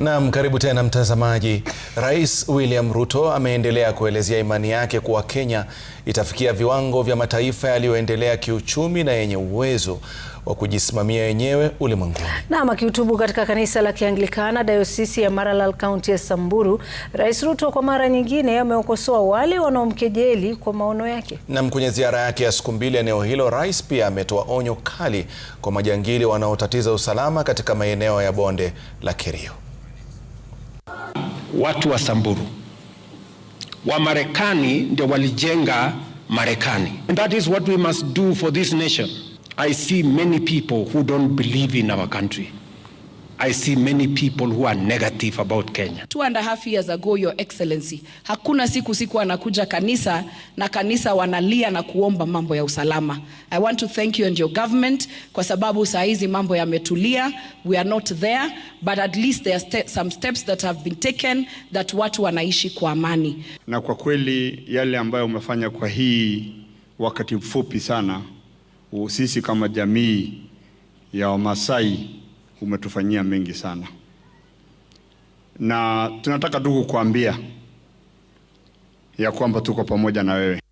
Naam, karibu tena mtazamaji. Rais William Ruto ameendelea kuelezea imani yake kuwa Kenya itafikia viwango vya mataifa yaliyoendelea kiuchumi na yenye uwezo wa kujisimamia yenyewe ulimwenguni. Naam, akihutubu katika kanisa la Kianglikana dayosisi ya Maralal kaunti ya Samburu, Rais Ruto kwa mara nyingine amewakosoa wale wanaomkejeli kwa maono yake. Naam, kwenye ziara yake ya siku mbili eneo hilo, rais pia ametoa onyo kali kwa majangili wanaotatiza usalama katika maeneo ya bonde la Kerio watu wa Samburu. Wamarekani ndio walijenga Marekani. And that is what we must do for this nation. I see many people who don't believe in our country. I see many people who are negative about Kenya. Two and a half years ago, Your Excellency, hakuna siku siku anakuja kanisa na kanisa wanalia na kuomba mambo ya usalama. I want to thank you and your government kwa sababu saa hizi mambo yametulia. We are not there, but at least there are ste some steps that have been taken that watu wanaishi kwa amani. Na kwa kweli yale ambayo umefanya kwa hii wakati mfupi sana, sisi kama jamii ya Wamasai umetufanyia mengi sana, na tunataka tu kukuambia ya kwamba tuko pamoja na wewe.